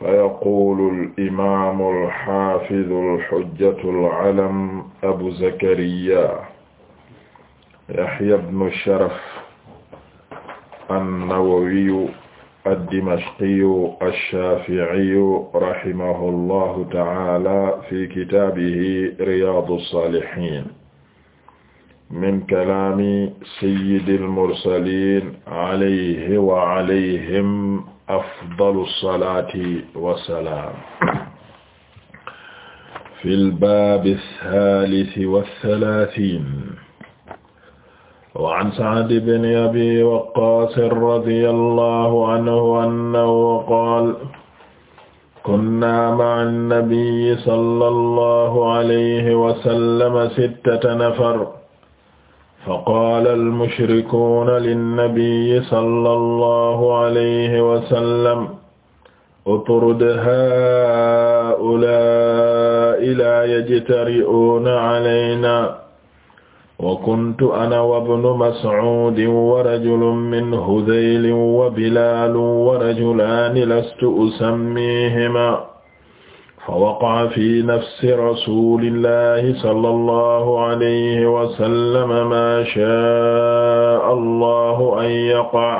فيقول الإمام الحافظ الحجة العلم أبو زكريا يحيى بن الشرف النووي الدمشقي الشافعي رحمه الله تعالى في كتابه رياض الصالحين من كلام سيد المرسلين عليه وعليهم afdalu salaati wa salaam fil baabi saalisi wa salaasiin wa an Sa'd ibn Abi Waqqaas radiyallaahu anhu annahu qaala kunnaa ma'a an-nabiyyi sallallaahu alayhi wa sallam sittata nafar فقال المشركون للنبي صلى الله عليه وسلم اطرد هؤلاء لا يجترئون علينا وكنت أنا وابن مسعود ورجل من هذيل وبلال ورجلان لست أسميهما fa waqaa fi nafsi rasulillahi sallallahu alayhi wa sallam ma shaa allahu an yaqa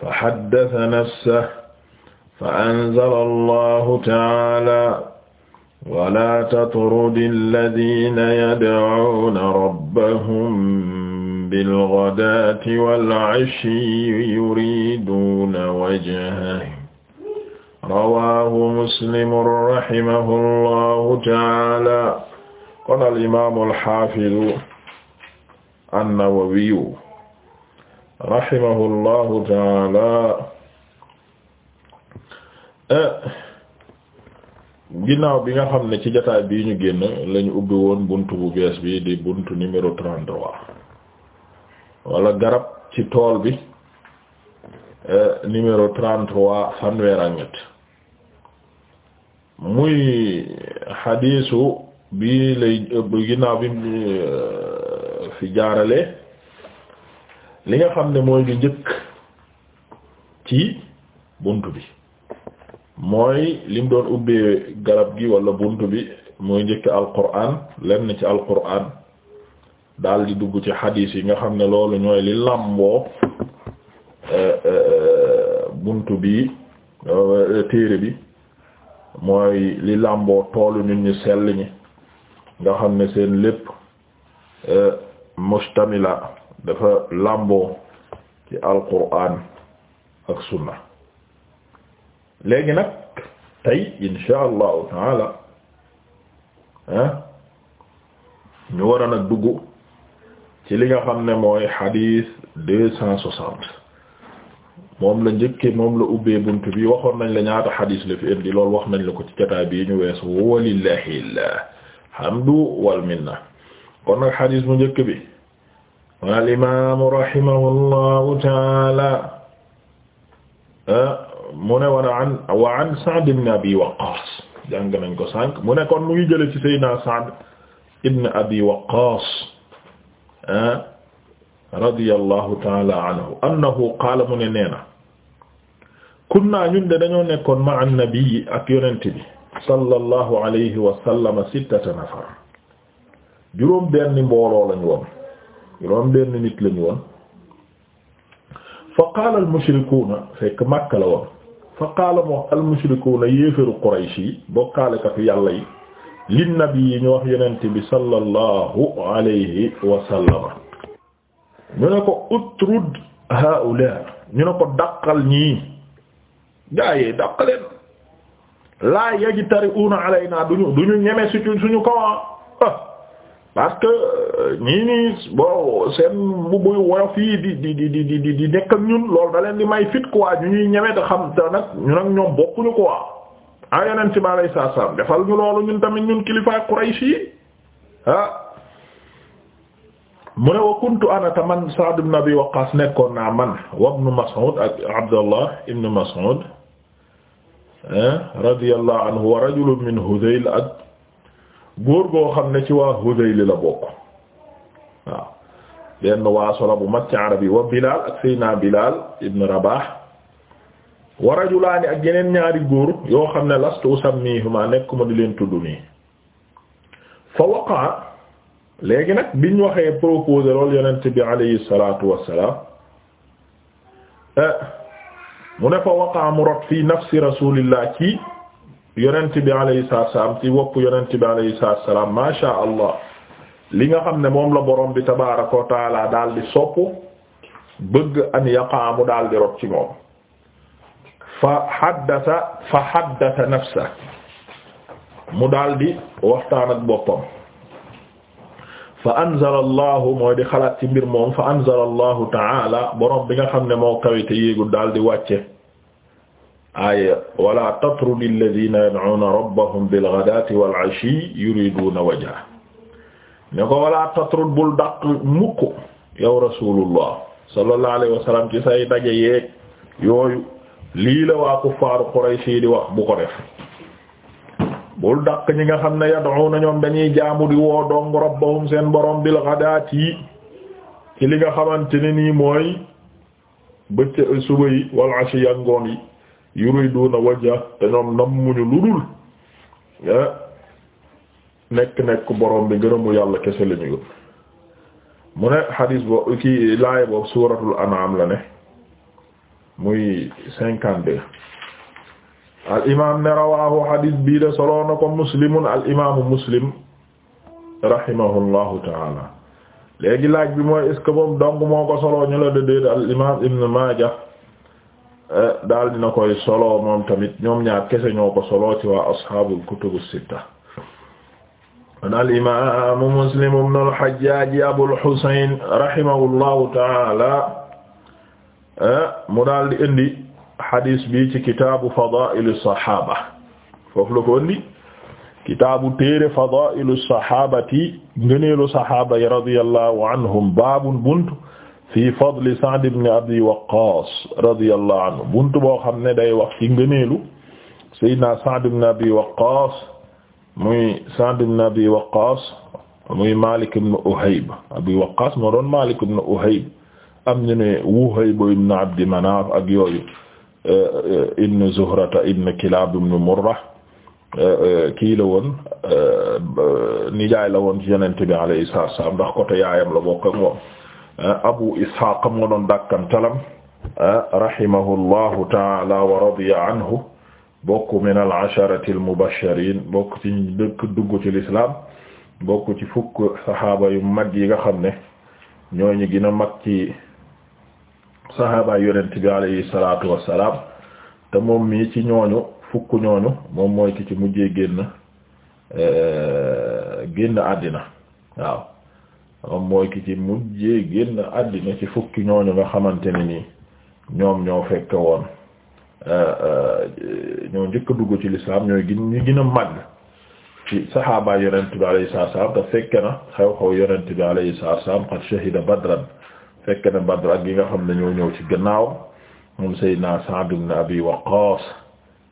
fa haddasa nafsahu fa anzala allahu ta'aala wala tatrudi alladhiina yad'uuna rabbahum bilghadaati wal 'ashiyyi yuriiduuna wajhahu rawaahu muslimun rahimahu allahu taala kon al imaamu alxaafidu annawawiyu rahimahu allahu taala eh, ginnaaw bi nga xam ne ci jotaay bii ñu génn lañu ubbi woon buntu bu bees bi di buntu numéro trente-trois wala garab ci tool bi eh, numéro trente-trois fanweer ak ñett muy xadiisu bi lay ginnaaw bi euh, fi jaarale li nga xam ne mooy bi njëkk ci bunt bi mooy lim doon ubbee garab gi wala bunt bi mooy njëkk alquran na ci alquran daal di dugg ci xadiis yi nga xam ne loolu ñooy li làmboo euh, euh, bunt bi téere bi mooy li làmboo toolu nit ñu sell ñi nga xam ne seen lépp euh, mustamila dafa làmboo ci alquran ak sunna léegi nag tey insha allahu taala ah ñu war a nag dugg ci li nga xam ne mooy xadiis cent soixante moom la njëkkee moom la ubbee bunt bi waxoon nañ la ñaata xadiis la fi indi loolu wax nañ la ko ci jotaay bii ñu weesu walillahil hamdu wal minna kon nag xadiis mu njëkk bi al imaamu rahimahullahu taala mu ne war a an ibn Abi Waqqaas nañ ko sànq mu ne kon mu ngi jële ci Seydina ibn Abi Waqqaas ah, radiyallahu taala anhu annahu qaala mu ne nee na kunna ñun de dañoo nekkoon ma annabii ak yonent bi sallallahu alayhi wa sallama sittata nafar juróom benn mbooloo lañu woon juróom benn nit lañu woon fa qaala al mushrikuuna fekk Makka la woon fa qaala moo al mushrikuuna yéefaru Quraysh yi bokkaalekatu yàlla yi linnabi yi ñu wax yonent bi sallallahu alayhi wa sallama ñu ne ko utrud haula ñu ne ko daqal ñii gaayee daqaleen laa yajtari'una alaynaa duñu duñu ñeme suñu suñu kawa ah. ah. parce que euh, ñii nii bon seen bu buy woyof yi di di di di di di nekk ak ñun loolu da di may fit quoi ñu ñuy ñeme te xam te nag ñun ak ñoom bokkuñu quoi ah yeneen ci ma lay saa saa defal ñu loolu ñun tamit ñun kilifa Quraysh yi ah. mu ne wa kuntu ana ta man Sa'd ibn Abi Waqqas nekkoon naa man wa ibn Mas'ud ak Abdallah ibn Mas'ud radiyallahu anhu wa rajulun min Hudayl ak góor goo xam ne ci waa Hudayl la bokk waaw benn waaso la bu mag ci arab yi wa Bilal ak Seyna Bilal ibn Rabah wa rajulaani ak yeneen ñaari góor yoo xam ne lastu usammihuma nekk ma di leen tudd nii fa waqa léegi nag biñ waxee proposé lool yonent bi alayhi salaatu wassalaam eh, mu ne fa waqaa mu rot fii nafsi rasulillah ci yonent bi alayhi salaatu wassalaam ci wopp yonent bi alayhi salaatu wassalaam ma sha allah li nga xam ne moom la borom bi tabaaraka wa taala daal di sopp bëgg an yaqaa daal di rot ci moom fa haddasa fa haddasa nafsa mu daldi di waxtaan boppam fa anzala allahu mooy di xalaat ci mbir moom fa anzala allahu taala borom bi nga xam ne moo kawe te yéegul daal di wàcce aaya wala tatrudi alladina yad'una rabbahum bilghadati wal ashi yuriduna wajha ne ko wala tatrud bul dàq mukk yow rasulullah sallallahu alayhi wa sallam ci say daje yeeg yooyu lii la waa kuffaaru Quraysh yi di wax bu ko def bul dàq ñi nga xam ne yad'una ñoom dañuy jaamu di woo dong rabbahum seen borom bil ghadati ci li nga xamante ne nii mooy bëccë suba yi wal ashi ak ngoon yi yuriduna wajha te ñoom nammuñu lu dul eh, nekk nekk borom bi ngërëmu yàlla kese la mu ne xadiis boobu kii laay boobu suuratul an'am la ne muy cinquante-deux al imaam ne rawaahu hadis bii de solo na ko muslimun al imaamu muslim rahimahullahu taala léegi laaj bi mooy est ce moom dong moo ko solo ñu la déedéet al imaam Ibn Maaja eh, daal dina koy solo moom tamit ñoom ñaar kese ñoo ko solo ci waa ashaabul kutubu sitta al imaamu muslim ibn al hajjaaj abul husayn rahimahullahu taala eh, mu daal di indi. xadiis bi ci kitaabu fadaa'il saxaaba foofu la ko indi kitaabu téere fadaa'il saxaabati ngëneelu saxaaba yi radiyallahu anhum baabun bunt fi fadli Sa'd ibn Abi Waqqaas radiyallahu anhu bunt boo xam ne day wax ci ngëneelu Seydina Sa'd ibn Abi Waqqaas muy Sa'd ibn Abi Waqqaas muy Maalik ibn Uhayb Abi Waqqaas moo doon Maalik ibn Uhayb am ñu ne Wuhayb ibn Abdi Manaaf ak yooyu ibn Zuhrata ibn Kilab ibn Murra kii la woon nijaay la woon ci yonent bi alayhi salaatu yaayam la bokk ak moom Abu Ishaq moo doon dàkkantalam rahimahullahu ta'ala wa radiya anhu bokk min al-asharati al-mubashirin bokk ci dëkk dugg ci l'islam bokk ci fukk saxaaba yu mag yi nga xam ne ñooñu gën a mag ci sahaaba yonent bi alayhi salaatu wassalaam te moom mii ci ñooñu fukk ñooñu moom mooy ki ci mujjee génn euh, génn àddina waaw moom mooy ki ci mujjee génn àddina ci fukki ñooñu nga xamante ne nii ñoom ñoo fekke woon euh, euh, ñoo njëkk dugg ci lislaam ñooy gin ñu gën a màgg ci sahaaba yonent bi alayhi salaatu wassalaam te fekke na xew-xew yonent bi alayhi salaatu wassalaam shahida badran fekk na Badr ak yi nga xam ne ñoo ñëw ci gannaaw moom Seydina Sa'd ibn Abi Waqqas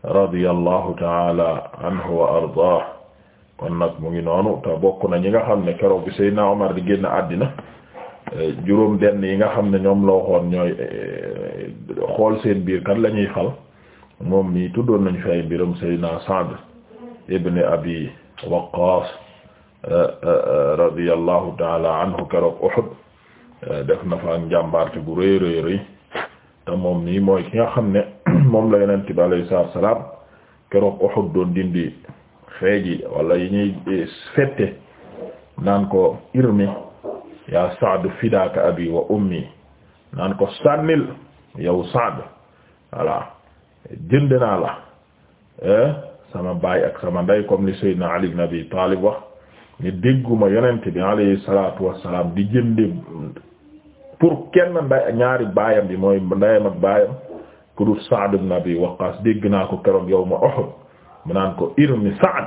radiyallahu ta'ala anhu wa ardaah kon nag mu ngi noonu te bokk na ñi nga xam ne keroog bi Seydina Omar di génn àddina eh, juróom benn yi nga xam ne ñoom la waxoon ñooy eh, xool seen biir kan la ñuy fal moom mii tuddoon nañu fi ay mbiram Seydina Sa'd ibn Abi Waqqas eh, radiyallahu ta'ala anhu keroog Uhud Euh, def na fa ak njàmbaarte gu rëy rëy moom nii mooy ki nga xam ne moom la yonent bi alayhi salaatu salaam keroog Uhud doon dindi feeji wala yi ñuy eh, fette naan ko irmi yaa Saad fidaaka abi wa ummi naan ko sànnil yow Saad voilà jënd la eh, sama baay ak sama ndey comme ni Seydina Ali ibn Abi wax ni dégguma yonent bi alayhi salaatu wassalaam di jënde pour kenn nday ñaari baayam bi mooy ndayam ak baayam ku dul Sa'd ibn Abi Waqqas naa ko keroog yow ma Uhud mu naan ko irmi Sa'd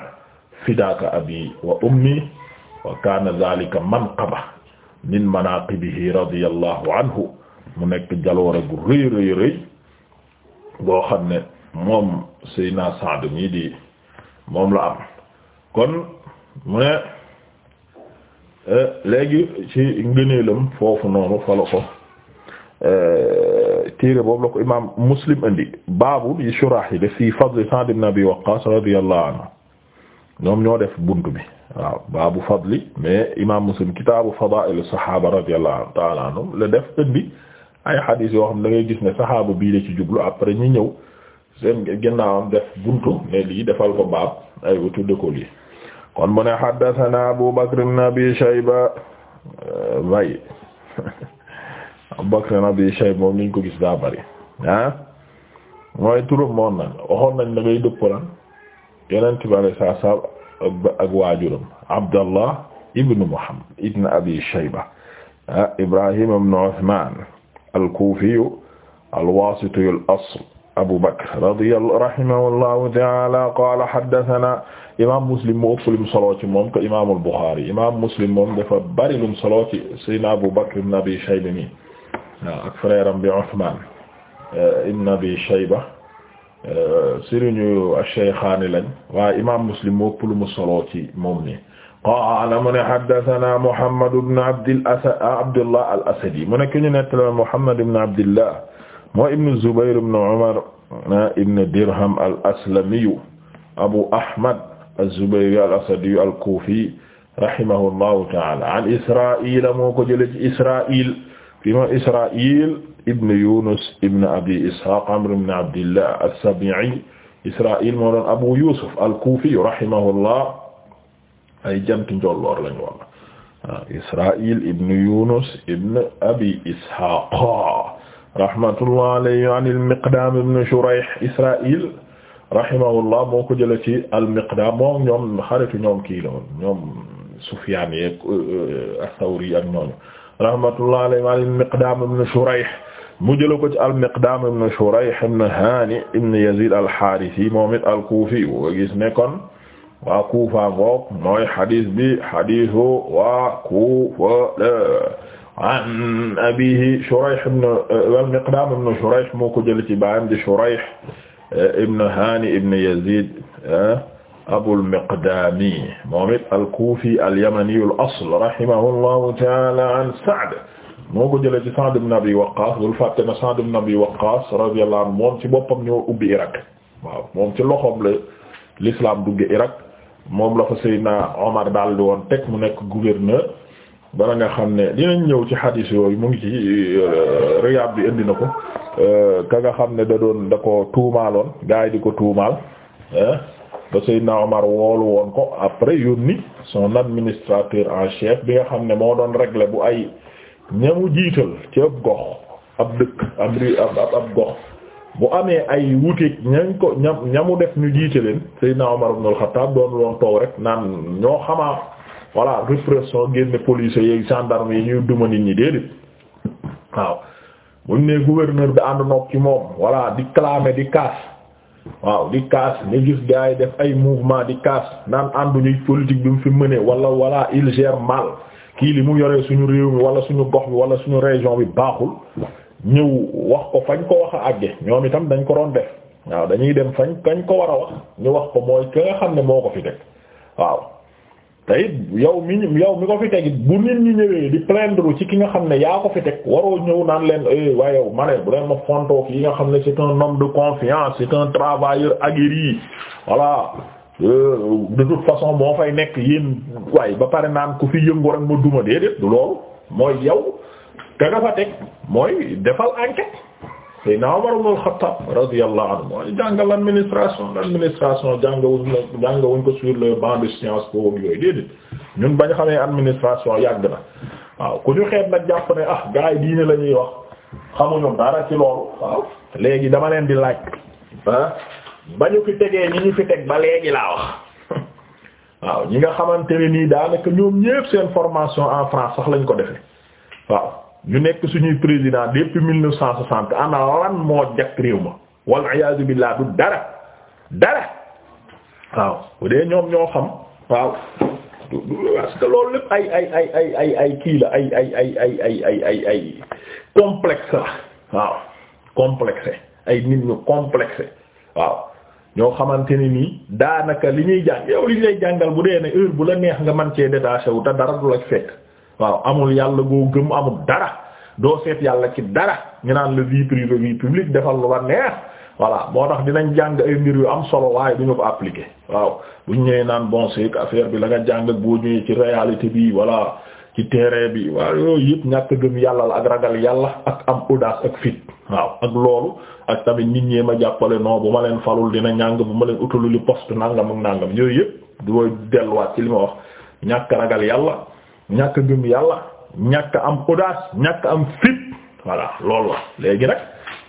fidaaka abi wa ummi wa kaana dhalika manqaba min manaqibihi radiyallahu anhu mu nekk jaloore gu xam ne moom Seydina Sa'd mi moom la kon mu Euh, léegi ci ngëneelam foofu noonu fa la ko euh, téere boobu la ko imaam Muslim indi baabu yi shurah yi def fi fadli Sa'd ibn Abi Waqqas radiyallahu anhu ñoom ñoo def bunt bi waaw baabu fadli mais imaam Muslim kitaabu fadaa'il saxaaba radiyallahu ta'ala anhum la def indi ay xadiis yoo xam da ngay gis ne saxaaba bii la ci jublu après ñi ñëw seen ginnaawam def buntu ne lii defal ko baab ay tudde ko lii kon mu ne haddathana Abu Bakr ibn Abi Shayba way Abu Bakr ibn Abi Shayba moom niñ ko gis daa bari ah mooy turam moon na waxoon nañ da ngay dëppalan yeneen tibale saa sa ak waajuram Abdallah ibn Muhammad ibn Abi Shayba ah, Ibrahim ibn Uthman al-Kufi al-Wasiti al-asl Abu Bakr radiyallahu rahimahullahu ta'ala qaala haddathana imaam Muslim moo ëpp lim solo ci moom ko imaamul Bukhari imaam Muslim moom dafa bari lum solo ci Sayyidina Abu Bakr ibn Abi Shayba mi waaw ak frère am bi Uthman euh, ibn Abi Shayba euh, sëriñu ash-shaykhaani lañ waaye imaam Muslim moo ëpp lu mu solo ci moom ni qaala mu ne haddathana Muhammad ibn Abdil Asad Abdullah al-Asadi mu nekk ñu nettali Muhammad ibn Abdillah moo ibnu Zubayr ibnu Umar ibnu Dirham al-Aslamiyu Abu Ahmad az-Zubayri al-Asadiyu al-Kufi rahimahullahu ta'ala an Israa'il moo ko jëlee ci Israa'il fi ma Israa'il ibnu Yunus ibnu Abi Ishaq Amr ibnu Abdillah as-Sabi'i Israa'il moo doon Abu Yusuf al-Kufi rahimahullah ay jant njolloor lañu walla Israa'il ibnu Yunus ibnu Abi Ishaq rahmatullah alayhi an al-Miqdaam ibn Shurayh Israa'il rahimahullah moo ko jëlee ci al-Miqdaam moom ñoom xaritu ñoom kii la woon ñoom Sufyaan yeeg euh, euh, as-Sawri ak ñooñu rahmatullah alayhi an al-Miqdaam ibn Shurayh mu jëlee ko ci al-Miqdaam ibn Shurayh ibn Haani ibn Yaziid al-Haarisi moom it al-Kuufi woo gis ne kon waa Kuufa ngoog mooy xadis bi xadisu waa Kuufa an abiihi Shurayh ibn euh, al-Miqdaam ibn Shurayh moo ko jëlee ci baayam di Shurayh euh, ibn Haani ibn Yaziid euh, Abul Miqdaami moom it al-Kuufi al-Yamani al-asl rahimahullahu ta'aala an Sa'd moo ko jëlee ci Sa'd ibn Abi Waqqaas bul fàtte na Sa'd ibn Abi Waqqaas radiyallahu anhu moom ci boppam ñoo ubbi Irak waaw moom ci loxoom la l'islam dugg Irak moom la fa Seydina Omar daal di woon teg mu nekk gouverneur. bala nga xam ne dinañ ñëw ci xadiis yooyu mu ngi ci euh, Riyaad bi indi na ko euh, ka nga xam ne da doon da ko tuumaaloon gaa di ko tuumaal ba Seydina Omar woolu woon ko après yónni son administrateur en chef bi nga xam ne moo doon régler bu ay ñamu jiital ci ab gox ab dëkk ab ab gox bu amee ay wuteeg ñañ ko ñam ñamu def ñu jiite leen Seydina Omar ibn al doon loon toog rek naan ñoo xamaa voilà répression génne police yeeg gendarme yi ñuy duma nit ñi déedéet waaw buñ ne gouverneur bi ànd noog ci moom voilà di clamer di kaas waaw di kaas nga gis gars def ay mouvement di kaas naan ànduñu politique bi mu fi mëne wala voilà il gère kii li mu yoree suñu réew mi wala suñu gox bi wala suñu région bi baaxul ñëw wax ko fañ ko wax a àgge ñoom itam dañ ko doon def waaw dañuy dem fañ kañ ko war a wax ñu wax ko mooy ki nga xam ne moo ko fi tey yow mi yow mi ko fi tegit bu nit ñu ñëwee di plaindre ci ki nga xam ne yaa ko fi teg waroo ñëw naan leen eh, waaye yow ma ne bu leen ma fontoo yi nga xam ne c'est un homme de confiance c'est un travailleur aguerri voilà euh, de toute façon moo fay nekk yéen waaye ba pare naan ku fi yëngu rek ma duma déedéet du loolu mooy yow ka nga fa teg mooy defal enquête Seydina naa ibn al-Khattab radiyallahu anhu mooy jàngal administration l'administration jàngawuñ la jàngawuñ ko sur le banc de science po wam yooyu déedéet ñun bañ xamee administration yàgg na waaw ku ñu xeet nag jàpp ne ah gars yi diine la ñuy wax xamuñu dara ci loolu waaw léegi dama leen di laaj ah ba ñu fi tegee ñi ñu fi teg ba léegi laa wax waaw ñi nga xamante ne nii daanaka ñoom ñépp seen formation en France sax lañ ko defee waaw ñu nekk suñuy président depuis mille neuf cent soixante ana lan moo jakk réew ma wal iyaadu billaah du dara dara waaw bu dee ñoom ñoo xam waaw parce que loolu lépp ay ay ay ay ay ay kii la ay ay ay ay ay ay ay ay la waaw complexe ay nit ñu complexe waaw ñoo xamante ni nii daanaka li ñuy jàng yow li ñu lay jàngal bu dee ne heure bu la neex nga man cee détaché wu te dara du la fekk waaw amul yàlla goo gëm amul dara doo seet yàlla ci dara ñu naan la vie privée vie publique defal lu la neex voilà moo tax dinañ jàng ay mbir yu am solo waaye du ko appliquer waaw buñ ñëwee naan bon c'est affaire bi la nga jàng boo ñëwee ci réalité bi voilà ci terrain bi waaw yooyu yëpp ñàkk gëm yàlla la ak ragal yàlla ak am audace ak fit waaw ak loolu ak tamit nit ñee ma jàppale non bu ma leen falul dina ñàng bu ma leen utalu li poste nangam ak nangam yooyu yëpp du delluwaat ci li wax ñàkk ragal yàlla ñàkk gëm yàlla ñàkk am audace ñàkk am fit voilà loolu la léegi nag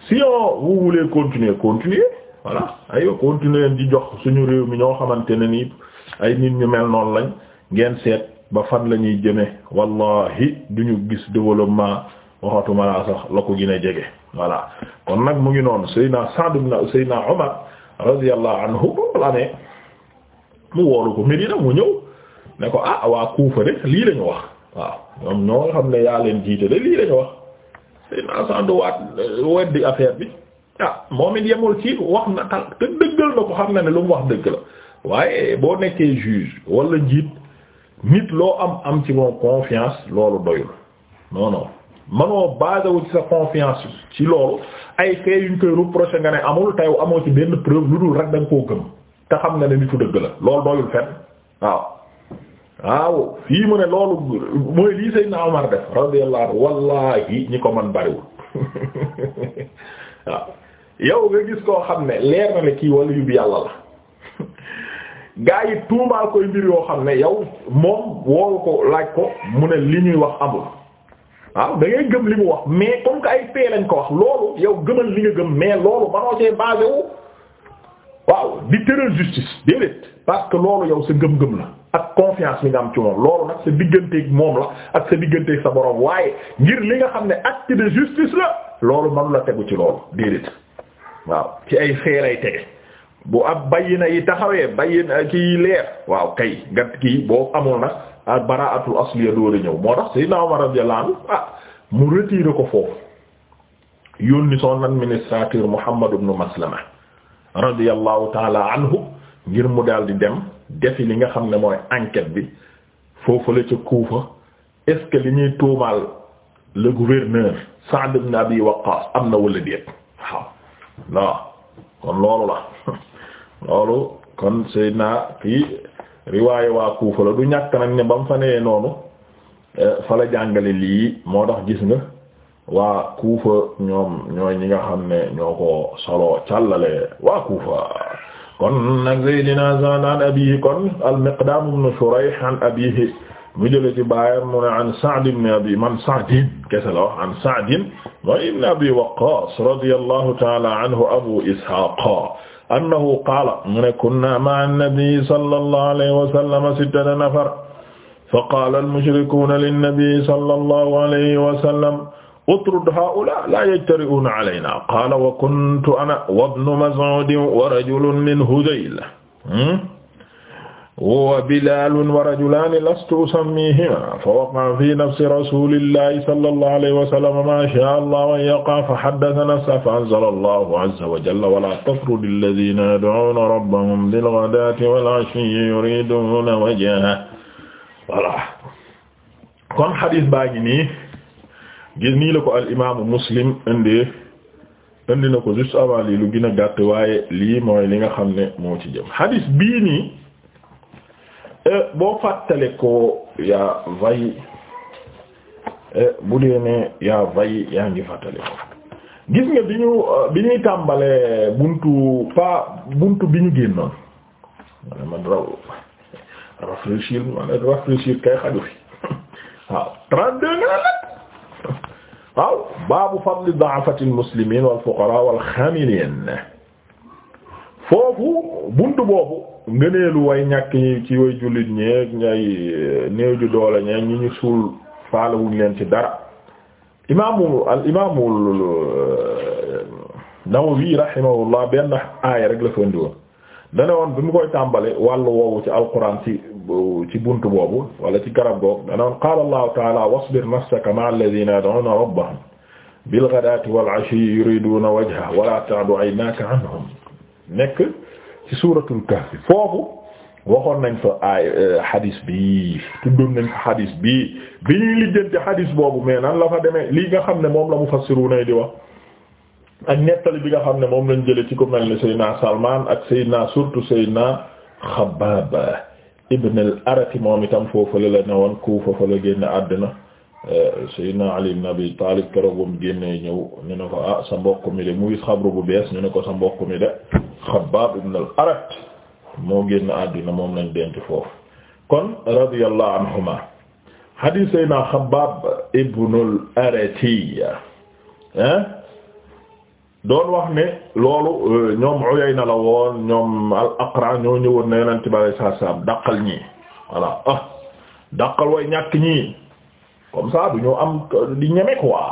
si yow vous voulez continuer continuer voilà aywa continuer di jox suñu réew mi ñoo xamante ne nii ay nit ñu mel noonu lañ ngeen seet ba fan la ñuy jëme wallahi duñu gis développement waxatuma laa sax la ko gën a jege voilà kon nag mu ngi noonu Seydina Sa'd ibn Seydina Umar radiyallahu anhu mu woolu ko Medina mu ñëw ne ko ah waa Kufa de lii lañu wax waaw ñoom ñoo xam ne yaa leen jiite de lii la wax seen asaan du waat euh, weddi affaire bi ah moom it yemul ci wax na te dëggal na ko xam na ne lu mu wax dëgg la waaye boo nekkee juge wala njiit nit loo am am ci moom confiance loolu doyul non non manoo basé ci sa confiance ci loolu ay fee yuñ koy reproché nga ne amul tey amoo ci benn preuve lu dul rek da nga koo gëm te xam nga ne nitu dëgg la loolu doyul fenn waaw. waaw fii mu ne loolu mooy lii Seydina Omar def radiyallahu anhu wallahi ñi ko man bariwul waaw yow nga gis koo xam ne leer na ne kii walla yu bi yàlla la gaa yi tuumaal koy mbir yoo xam ne yow moom woowu ko laaj ko mu ne li ñuy wax amul waaw da gëm li mu wax mais comme que ay fee lañ ko wax loolu yow gëmal li nga gëm mais loolu manoo see basé waaw di tëral justice déedéet parce que loolu yow sa gëm-gëm la ak confiance mi nga am ci moom loolu nag sa digganteeg moom la ak sa digganteeg sa borom waaye ngir li nga xam ne acte de justice la loolu manu la tegu ci loolu déedéet waaw ci ay xeeray tege bu ab bayina yi taxawee bayina kiy leer waaw kay gat kii boo amul nag ak baraatul asliya dóori ñëw moo tax Sayyidna Umar radiyallahu anhu ah mu a ko foofu yónni son administrateur Muhammad ibn Maslama radiyallahu taala anhu ngir mu dal di dem defi li nga xam ne mooy enquête bi foofu la ca Kuufa est li ñuy tuumaal le gouverneur Sa'd ibn Abi am na wala déet waaw non kon loolu la loolu kon Seydina kii riwaaye waa Kuufa la du ñàkk nag ne ba mu fa nee noonu eh, fa la jàngale lii moo tax gis nga. waa kuufa ñoom ñooy ñi nga xam ne ñoo ko solo càllale waa kuufa kon nag Seydina Sa'd an abihi kon al-Miqdaam ibn Shurayh an abihi mu jële ci baayam mu ne an Sa'd ibn Abi man Sa'din kese la wax an Sa'din mooy ibn Abi Waqqaas radiyallahu ta'ala anhu Abu Ishaaq annahu qaala mu ne kunna ma'a an-nabi sallallahu alayhi wa sallam sittata nafar fa qaala al-mushrikuuna lin-nabi sallallahu alayhi wa sallam utrud haula la yajtari'una alayna qala wa kuntu ana wa ibnu mas'ud wa rajulun min hudayl hmm? wa bilalun wa rajulani lastu usammihima fa waqa'a fi nafsi rasulillahi sallallahu alayhi wa sallam ma sha'a allahu an yaqa'a fa haddatha nafsahu fa anzala allahu azza wa jalla wa la tatrudi alladhina yad'una rabbahum bil ghadati wal ashiyyi yuriduna wajhahu voilà kon hadith baa ngi nii gis nii la ko al imaamu muslim indi indi na ko juste avant lii lu gën a gàtt waaye lii mooy li nga xam ne moo ci jëm hadis bii nii eh, boo fàttale ko yaa vay eh, bu dee ne yaa vay yaa ngi fàttale ko gis nga bi ñu bi ñuy tàmbalee buntu pa buntu bi ñu génnoon ma man raw rafraîchir ma ne kay xaju fi waaw trente-deux waaw baabu fadli da'afatil muslimiin wal fuqaraa wal xaamiliin foofu buntu boobu ngëneelu way ñàkk ñi ci way jullit ñeeg ñay eh, néew ju doole ñeeg ñi ñu suul faalawuñ leen ci dara imaamu al imaamu eh, Nawawi rahimahullah benn aaya rek la fa indi woon dane woon bi mu koy tàmbale wàllu woowu ci alquran ci ci bunt boobu wala ci garab googu danoon qaala allahu taala wasbir nafsaka ma'a alladhina yad'una rabbahum bil ghadati wal ashiyyi yuriduna wajha wala ta'du aynaka anhum nekk ci suuratul kahf foofu waxoon nañ fa ay hadis euh, bi tuddoon nañ fa hadis bi bi ñuy lijjanti hadis boobu mais nan la fa demee lii nga xam ne moom la mufassiruna di wax ak nettali bi nga xam ne moom lañ jëlee ci ko mel ne Seydina Salman ak Seydina surtout Seydina Xabbaab ibn al-Arati moom itam foofale la ne woon Kuufa fa la génne àddina euh, Seydina Ali ibn Abi Talib keroog mu génnee ñëw ñu ne ko ah sa mi de mu gis xabru bu bees ñu ne ko sa mbokk mi de Xabbaab ibn al-Arat moo génn àddina moom lañ denc foofu kon radiyallahu anhuma hadith Seydina Xabbaab ibn arati doon wax ne loolu euh, ñoom Uyayna la woon ñoom al-Aqra ñoo ñëwoon na yonent bi alayhi salaatu salaam dàqal ñii voilà ah dàqal way ñàkk ñii comme ça ñu am di ñeme quoi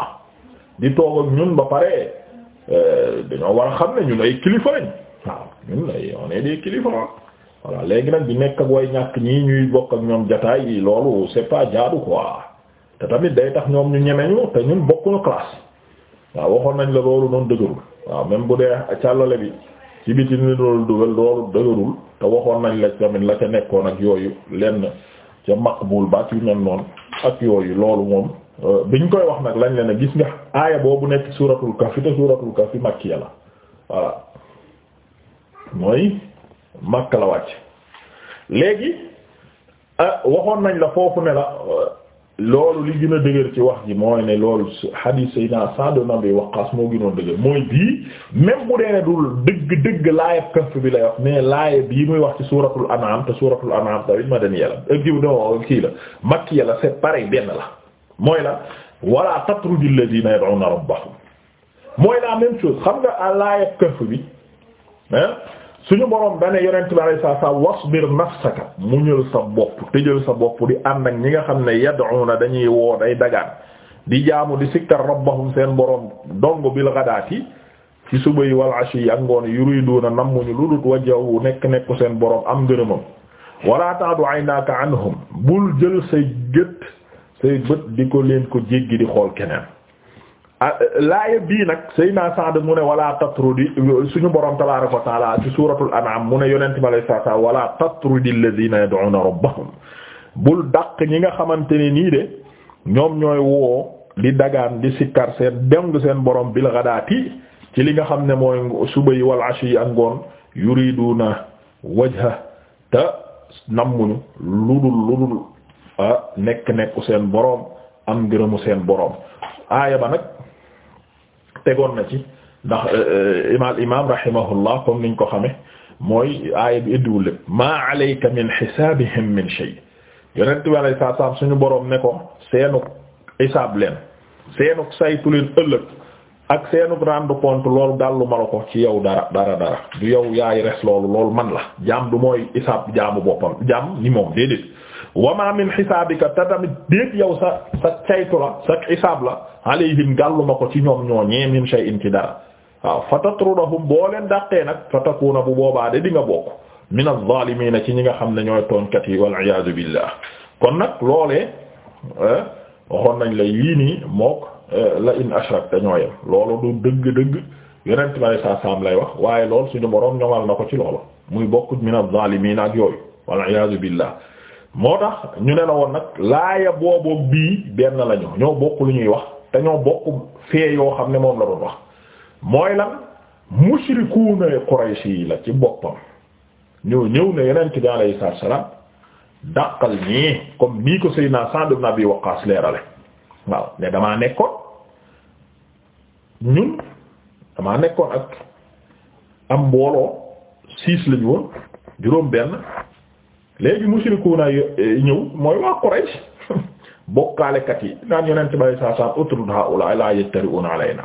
di toog ak ñun ba pare euh, dañoo war a xam ne ñun ay kilifa lañ waaw ñun ay on est des kilifa voilà léegi nag bi nekk ak way ñàkk ñii ñuy bokk ak ñoom jataay yi loolu c'est pas jaadu quoi te tamit day tax ñoom ñu ñeme ñu te ñun bokkuñu classe. waaw waxoon nañ la loolu noonu dëgërul waaw même bu dee càllale bi ci biti ni loolu dugal loolu dëgërul te waxoon nañ la tamit la ca nekkoon ak yooyu lenn ca maqbul ba ci mel noonu ak yooyu loolu moom euh, biñ koy wax nag lañ leen a gis nga aaya boobu nekk suuratul kahfi te suuratul kahfi makkiya la voilà mooy makka la wàcc léegi euh, waxoon nañ la foofu ne la loolu li gën a dëgër ci wax ji mooy ne loolu hadith Seydina Sa'd ibn Abi Waqqas moo gënoon dëgër mooy bii même mu dee ne dul dëgg dëgg laayab Kahf bi lay wax mais laaya bii muy wax ci suuratul An'am te suuratul An'am tamit madaniya la ëggiw do kii la makkiya la c'est pareil benn la mooy la wala tatrudil ladina yad'una rabbahum mooy la même chose xam nga laayab Kahf bi hein suñu borom dane yonent bi alayhi salaam wasbir nafsaka muñal sa bopp tëjal sa bopp di ànd ak ñi nga xam ne na dañuy woo ay dagaan di jaamu di sikkar rabbahum seen borom dong bil ghadati ci suba yi wal ashi ak ngoon yuriduna ñu lu dul wajhahu nekk nekku seen borom am ngërëmam wala ta'du aynaka anhum bul jël sa gët say bët di ko leen ko jéggi di xool keneen Ah, laaya bii nag Seydina Saad mu ne wala tatrudi suñu borom tabaaraka wa taala ci suuratul an'am mu ne yonent bi alayhi salaatu wala tatrudi alladhiina yad'uuna rabbahum bul dàq ñi nga xamante ni nii de ñoom ñooy woo di dagaan di sikkar seen deng seen boroom bil ghadaati ci li nga xam ne mooy suba yi wal ashi yi ak ngoon yuriduuna wajha te nammuñu ludul ludul ah nekk nekku seen boroom am ngërëmu seen boroom aaya ba nag. tegoon na ci ndax euh, euh, imaam imaam rahimahullah comme niñ ko xame mooy aaya bi indiwul lépp maa alayka min xisaabihim min shay yonent bi alayhi salaatu salaam suñu boroom ne ko seenuk isaab leen seenuk saytu leen ëllëg ak seenuk rendre compte loolu gàllu ma ko ci yow dara dara dara du yow yaay res loolu lool man la jaam du mooy isaab jaamu boppam jaam ni moom déedéet wama min xisaabika te tamit déet yow sa sa caytu la sa xisaab la alayhim gàlluma ko ci ñoom ñooñee min shay'in ci dara waaw fa tatrudahum boo leen dàqee nag fa takuna bu boobaa de di nga bokk min az-zaalimiina ci ñi nga xam ne ñooy tooñkat yi wal iyaadu billah kon nag loolee eh, waxoon nañ la lii nii mook eh, la in ashrakta ñoo yem loolu du dëgg-dëgg yonent bi saa saam lay wax waaye lool suñu boroom ñoŋal na ko ci loolu muy bokkut min az-zaalimiina ak yooyu wal iyaadu billah moo tax ñu ne la woon nag laaya boobu bii benn lañu ñoo bokk lu ñuy wax te ñoo bokk fee yoo xam ne moom la doon wax mooy la mushrikuuna Quraysh yi la ci boppam ñoo ñëw ne yeneen ci alayhi salaatu salaam dàqal ñii comme nii ko Seydina Sa'd ibn Abi Waqqaas leerale waaw ne damaa nekkoon ñun damaa nekkoon ak am mbooloo siis lañu woon juróom benn léegi mushrikuuna eh, ñëw mooy waa Quraysh bokkaalekat yi naan yonent bay saa saa utrud haula la yattari'una alayna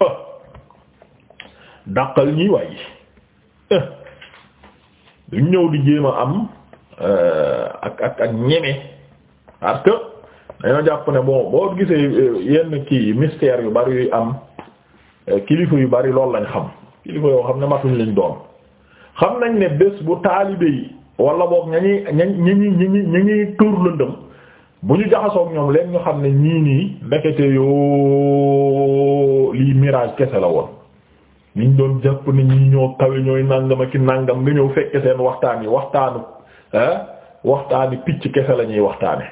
eh, dàqal ñi waay eh, du ñëw di jéem a am ak ak ak ñeme parce que dañoo jàpp ne bon boo gisee yenn kii mystère yu bari yuy am kilifa yu bari lool lañ xam kilifa yoo xam ne matuñ lañ doon xam nañ ne bés bu taalibe yi wala boog ña ñuy ña ñuy ña ñuy tuur lëndëm bu ñu jaxasoog ñoom leen ñu xam ne ñii nii ndekete yoo lii mirage kese la woon liñ doon jàpp ne ñi ñoo kawe ñooy nàngam ak nàngam nga ñëw fekke seen waxtaan yi waxtaanu ah waxtaani picc kese la ñuy waxtaane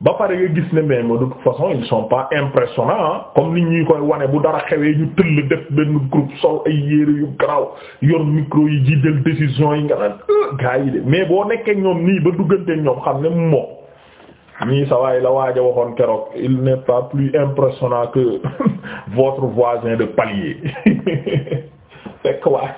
ba pare nga gis ne mais de toute façon ils sont pas impressionnants comme nit ñuy koy wane bu dara xewee ñu tëll def benn groupe sol ay yére yu garaaw yor micro yi ji jël décision yi nga naan euh, gaa yi de mais boo nekkee ñoom nii ba duggante ñoom xam ne moom nii sa waay la waaj a waxoon keroog il n'est pas plus impressionnant que votre voisin de palier fekk waay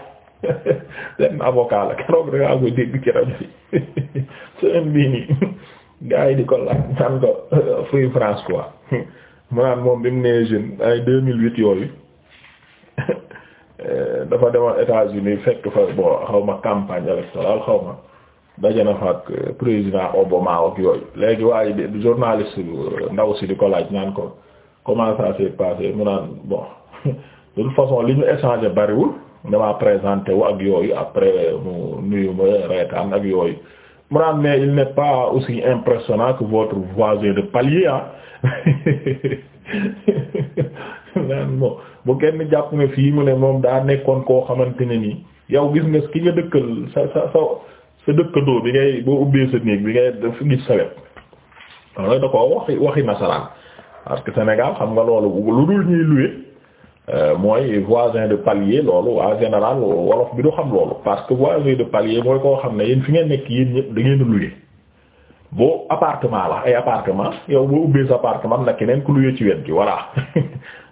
benn avocat la keroog da ngaa koy dégg keroog bi semaine bii nii. gars yi di ko laaj naan ko euh, free France quoi mu naan moom bi mu nee jeune ay 2008 yooyu euh, dafa demoon États-Unis fekk fa bon xaw ma campagne électorale xaw ma daje na fa ak euh, président Obama ak yooyu léegi waaye de journaliste ndaw si di ko laaj naan ko comment ça s'est passé mu naan bon de toute façon li ñu échangé bariwul damaa présenté wu ak yooyu après mu nuyu ma reetaan ak yooyu. mu naan mais il n'est pas aussi impressionnant que votre voisin de palier ah naan bon bu kenn jàpp ne fii mu ne moom daa nekkoon koo xamante ne nii yow gis nga ki nga dëkkal sa sa sa sa bi ngay boo ubbee sa néeg bi ngay gis sa wet loolu da waxi waxi nasaraan parce Sénégal xam nga loolu lu dul ñuy louer Euh, mooy voisin de palier loolu waa général wolof bi du xam loolu parce que voisin de palier mooy koo xam ne yéen fi ngeen nekk yéen ñëpp da ngeen louer boo appartement la ay appartement yow boo ubbee sa appartement nag keneen ku louer ci wet gi voilà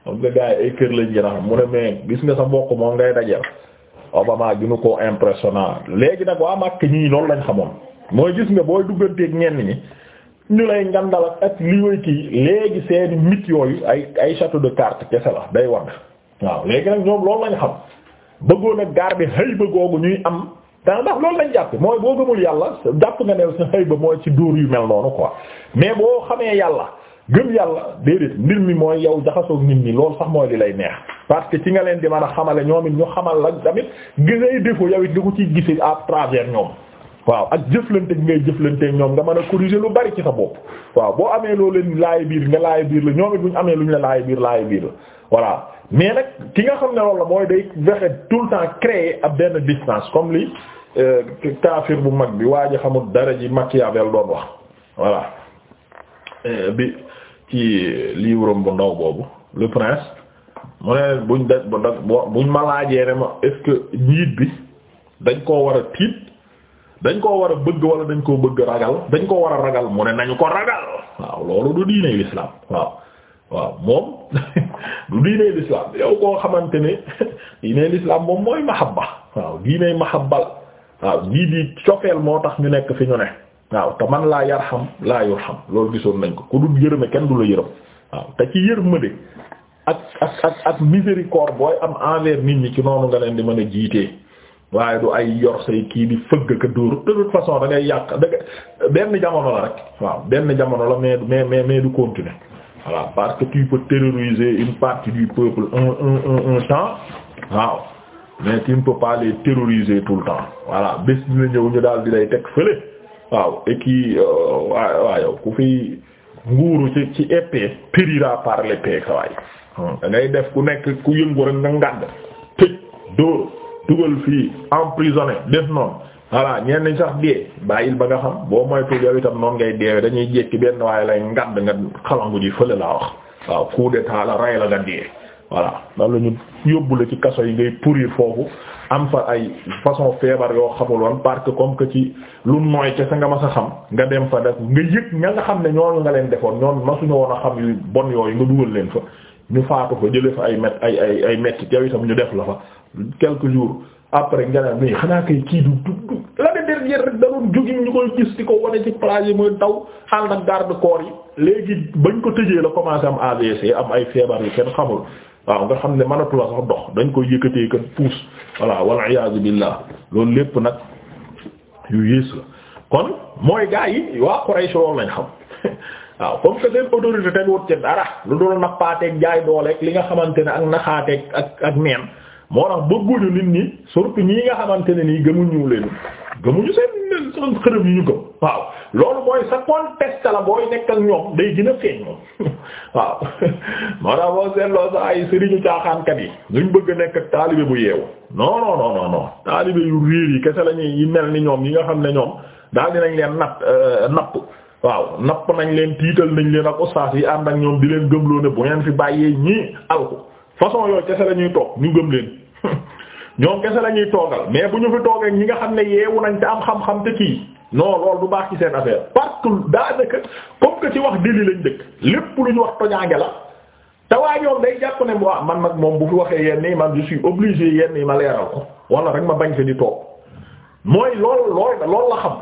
moom nga gars yi ay kër lañ jëlaat mu ne mais gis nga sa mbokk moom ngay dajeel Obama ginu ko impressionnant léegi nag waa Makka ñii loolu lañ xamoon mooy gis nga booy dugganteeg ñenn ñi. ñu lay ngandal ak li woy kii léegi seeni ay ay de cartes kese waaw léegi nag ñoom loolu lañ xam bëggoon a garder xëyba googu ñuy am da ndax loolu lañ jàpp mooy boo gëmul yàlla jàpp nga ne sa xëyba mooy ci dóor yu mel noonu ko mais boo xamee yàlla gëm yàlla déedéet mbir mi mooy yow jaxasoog nit ñi loolu sax mooy li lay neex parce que ci nga leen di man a xamale ñoom ñu xamal la tamit gisay défaut yow it nga ko ciy gise à travers ñoom waaw ak jëflante gi ngay jëflanteeg ñoom nga mën a corriger lu bari ci sa bopp waaw boo amee loo leen laay biir biir la bu ñu amee lu ñu la laay biir laay biir mais nag ki nga xam ne loolu la mooy day fexe tout le temps créer ab benn distance comme li euh, kaafir bu mag bi waa ji xamul dara ji Machiavel doon wax voilà euh, bi ci livre bu ndaw boobu le prince mu ne buñ da buñ ma laajee ne ma est njiit bi dañ koo war a tiit dañ koo war a bëgg wala dañ koo bëgg ragal dañ koo war a ragal mu ne nañu ko ragal waaw loolu du diine l'islam waaw waaw moom du diiney l'islam yow koo xamante ne diiney l'islam moom mooy mahabba waaw diiney mahabba waaw dii di cofeel moo tax ñu nekk fi ñu ne waaw te man laa yar yarham laa yurham loolu gisoon nañ ko ku dul yërëme kenn du la yërëm waaw te ci yërmande ak ak ak ak miséricorde booy am envers nit ñi ci noonu nga leen di mën a jiitee waaye du ay yor kii di fëgg ka dóor de façon da yàq da benn jamono la rek waaw benn jamono la mais mais mais du continuer voilà parce que tu peux terroriser une partie du peuple un un un temps waaw mais tu ne peux pas les terroriser tout le temps voilà bés dina ñëw ñu daal di lay teg fële waaw et qui waa euh, waa yow ku fi nguuru ci ci épée périra par l'épée sa waay def ku nekk ku yëngu rek nga ngàdd tëj dóor dugal fii emprisonné def noonu voilà ñeen nañ sax dee bàyyil ba nga xam boo moytu yow itam noonu ngay deewe dañuy jékki benn waaye lay ngadd nga xalangu ji fële laa wax waaw coup d'état la la nga dee voilà loolu la ñu yóbbu la ci kaso yi ngay pourrir foofu am fa ay façon feebar yoo xamul woon parce que comme que ci lu nooy ca sa nga mas a xam nga dem fa def nga yëg ña nga xam ne ñoonu nga leen defoon ñoom masuñu woon a xam yu bon yooyu nga dugal leen fa ñu faatu fa jële fa ay met ay ay ay metti yow itam ñu def la fa quelques jours après nga ne yër rek da doon jógi ñu koy gis di ko wane ci plage yi daw ànd ak garde corps yi léegi bañ ko tëjee la commencé am AVC am ay feebar yi kenn xamul waaw nga xam ne mënatu la sax dox dañ koy yëkkatee kat puus voilà wal iyaazu billah loolu lépp nag yu yées la kon mooy gaa yi waa Quraysh loolu lañ xam waaw comme que seen autorité teguwut ci dara lu doon nappaateeg jaay dooleeg li nga xamante ne ak naxaateeg ak neen moo tax bëgguñu nit ñi surtout ñi nga xamante ne nii gëmuñu leen gëmuñu seen seen xërëm yi ñu gëm waaw loolu mooy sa contexte la booy nekk ak ñoom day gën a moom waaw moo tax boo seetloo sa ay sëriñu caaxaankat yi luñ bëgg a nekk ak bu yeewu non non non non yu réer yi kese lañuy yi mel ni ñoom yi nga xam ne ñoom daal nañ leen napp euh, napp waaw napp nañ leen tiital nañ leen ak ustaas yi ànd ak ñoom di leen gëmloo ne bu ngeen fi bàyyee ñii alku façon yooyu kese la ñuy toog ñu gëm leen ñoom kese la ñuy toogal mais bu ñu fi toogee ñi nga xam ne yeewu nañ te am xam-xam te kii non loolu du baax ci seen affaire partout daanaka comme que ci wax dëli lañ dëkk lépp lu ñu wax toñaange la te waaye ñoom day jàpp ne waa man nag moom bu fi waxee yenn yi man je suis obligé yenn yi ma leeral ko wala rek ma bañ fi di toog mooy lool lool loolu la xam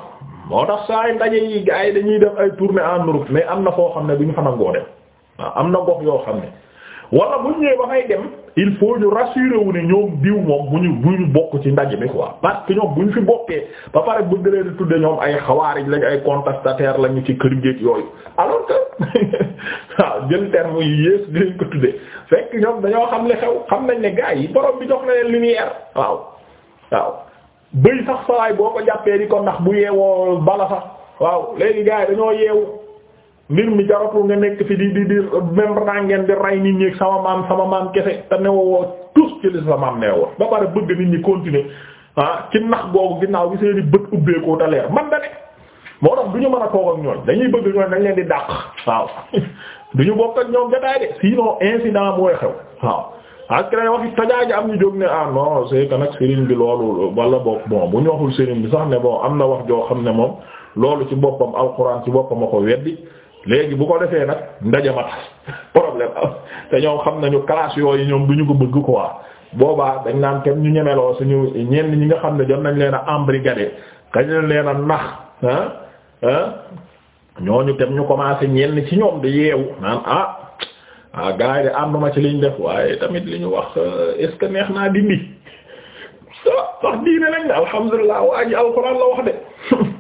moo tax saa yu ndaje yi gars dañuy def ay tournée en Europe mais am na foo xam ne du ñu fa nangoo dem waaw am na gox yoo xam ne wala bu ba fay dem. il faut ñu rassurer wu ne ñoom diw moom bu ñu bu ñu bokk ci ndaje bi quoi parce que ñoom bu ñu fi bokkee ba pare bu ñu leen tudde ñoom ay xawaarij lañ ay contestataires lañu ci kër géej yooyu alors que waaw jël terme yu yées dinañ ko tudde fekk ñoom dañoo xam ne xew xam nañ ne gars yi borom bi jox na leen lumière waaw waaw bëy sax sawaay boo ko jàppee di ko ndax bu yeewoo bala sax waaw léegi gars dañoo yeewu. mbir mi jaratul nga nekk fi di di di même ràngeen di ray nit ñi sama maam sama maam kese te newoo tous ci li sama maam nee woon ba pare bëgg nit ñi continuer ah ci nax googu ginnaaw bi seeni bët ubbeekoo te leer man moo tax du ñu mën a toog ak ñoom dañuy bëgg ñoom dañ leen di dàq waaw du ñu bokk ak ñoom jotaay de sinon incident mooy xew waaw. ak keneen waxi tajaaji am ñu jóg ne ah non c'est que nag sëriñ bi loolu wala boog bon bu ñu waxul sëriñ bi sax ne boo am na wax joo xam ne moom loolu ci boppam alxuraan ci boppam a ko weddi. léegi bu ko defee nag ndaje ma problème am te ñoom xam nañu classe yooyu ñoom bu ñu ko bëgg quoi boobaa dañ naan kenn ñu ñemeloo suñu ñenn ñi nga xam ne jot nañ leen a embrigadé kañ lañ a nax ah ah ñu commencé ñenn ci ñoom di yeewu naan ah, ah, ci liñ def waaye tamit li ñu wax euh, est-ce que neex naa dindi ah wax diine lañ ne alhamdulilah waa ji alxuraan la wax de.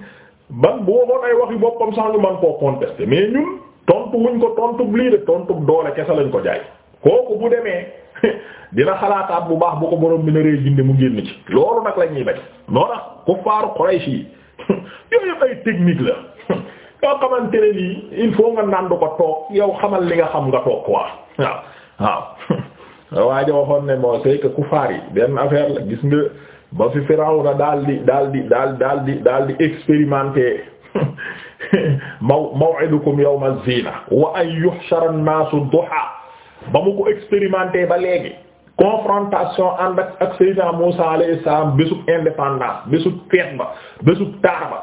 man bu waxoon ay waxi boppam sax ñu man koo contesté mais ñun tontu ko tontu lii de tontu doole kese lañ ko jaay kooku bu demee dina xalaataat bu baax boo ko borom bi na ree jinde mu génn ci loolu nag la ñuy bañ noo tax ku faaru Quraysh yi yooyu ay technique la yoo xamante ne il faut nga nandu ko toog yow xamal li nga xam nga toog quoi waaw waaw waaja waxoon ne moo c'est ku faar yi benn affaire la gis nga ba fi Firawna daal di daal di daal daal di daal di expérimenter maw maw'idukum yawm az-zina wa an yuhshara an-nasu duha ba mu ko expérimenter ba léegi confrontation ànd ak ak Seydina Musa alayhi salam bésub indépendance bésub feet ba bésub taar ba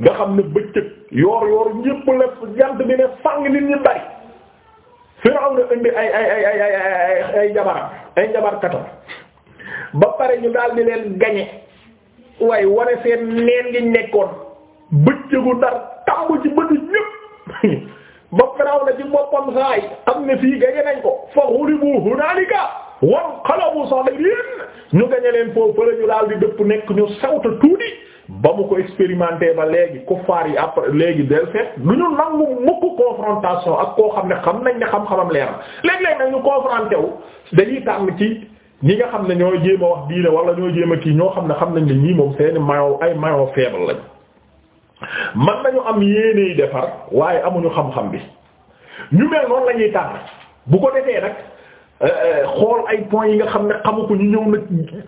nga xam ne bëccëg yoor yoor ñépp la jant bi ne fang nit ñi bari Firawna indi ay ay ay ay ay ay ay jabaram ay jabarkatam ba pare ñu daal di leen gañe waaye wane seen neen ngiñ nekkoon bëccëgu ndar tàmb ci bëtu ñëpp ba na ci boppam saay am ne fii gañe nañ ko fa ghulibu hunaalika wanqalabu saghiriin ñu gañe leen foofu la ñu daal di dëpp nekk ñu sawta tuuti ba mu ko expérimenté ba léegi kuffaar yi après léegi del fait ñu nangu mukk confrontation ak koo xam ne xam nañ ne xam-xamam leer léeg-léeg nag ñu confronté wu dañuy tàmm ci ñi nga xam ne ñoo jéem a wax diine wala ñoo jéem a kii ñoo xam ne xam nañ ne ñii moom seeni maillon ay maillon faible lañ man nañu am yéeney defar waaye amuñu xam-xam bi ñu mel noonu la tànn bu ko defee nag euh, euh, xool ay point yi nga xam ne xamu ñëw nag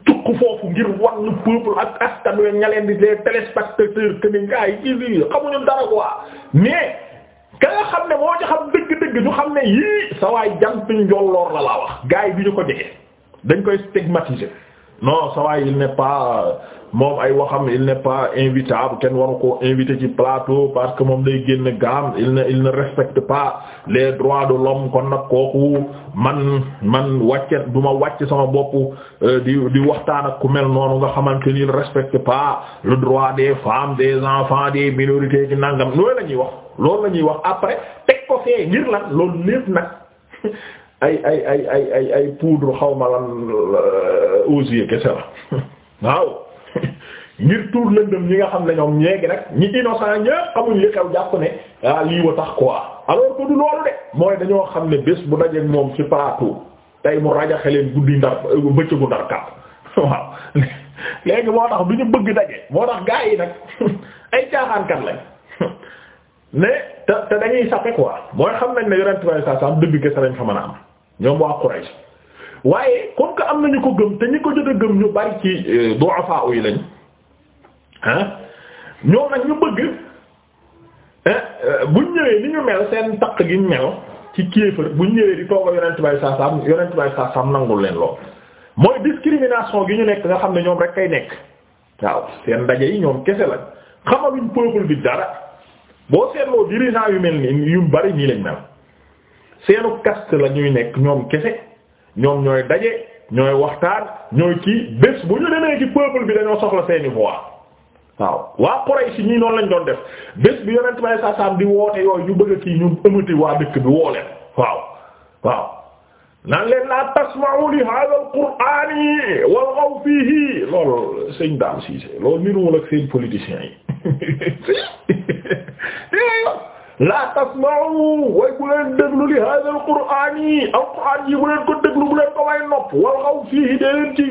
tukk ngir wan lu peuple ak askan wi ña leen di les téléspectateurs que ni gars yi ci xamuñu dara quoi mais ka nga xam ne moo ci xam dëgg-dëgg ñu xam ne yii sa jant njolloor la laa wax gars yi bi ñu ko jege. dañ koy stigmatiser no sa waay il n'est pas moom ay waxam il n'est pas invitable kenn waru ko invité ci plateau parce que moom day génn gaam il ne il ne respecte pas les droits de l'homme kon nag kooku man man wàcce du ma wàcc sama bopp euh, di di waxtaan ak ku mel noonu nga xamante ni respecte pas le droit des femmes des enfants des minorités ci nangam loolu la ñuy wax loolu la ñuy wax après teg ko fee ngir lan loolu lépp nag ay ay ay ay ay ay poudre xaw ma lan aux yeux kese la waaw ngir tuur lëndëm ñi nga xam ne ñoom ñeegi nag ñi innocent ñëpp xamuñ li xew jàpp ne ah lii wa tax quoi alors que du loolu de mooy dañoo xam ne bés bu dajeek moom ci paraatu tey mu rajaxe leen guddi ndar euh, bëccëgu ndar kàpp waaw léegi moo tax du ñu bëgg daje moo tax gaa yi nag ay caaxaankat lañ mais te te dañuy sape quoi mooy xam nañ ne yonent bi sallallahu saa wasallam dëgg kese lañ fa mën a am. ñoom waa Quraysh waaye comme que am na ñu ko gëm te ñu ko jot a gëm ñu bari ci euh, du'afa yi lañ ah ñoom nag ñu bëgg euh, buñ ñëwee ni ñu mel seen taq gi ñu mel ci kéefër buñ ñëwee di tooga yonent bay saa sam yonent bay saa sam nangul leen lool mooy discrimination gi ñu nekk nga xam ne ñoom rek ay nekk waaw seen ndaje yi ñoom kese lañ xamaluñ peuple bi dara boo seetloo dirigeant yu mel nii yu bari nii lañ mel seenu kast la ñuy nekk ñoom kese ñoom ñooy daje ñooy waxtaan ñooy kii bés bu ñu demee ci peuple bi dañoo soxla seeni voix waaw waa Quraysh ñii noonu lañ doon def bés bi yonent bay saa saam di woote yooyu ñu bëgg kii ñu ëmmati waa dëkk bi woo leen waaw waaw nan leen laa tasma'u li hadha al-qur'ani walghaw fiihi loolu sëñ daam siise loolu niruwul ak seen politiciens yi la tasma'u way bu leen déglu li hada alqur'aan yi alqur'aan yi bu leen ko déglu bu leen ko way nopp walxaw fiihi dee leen ci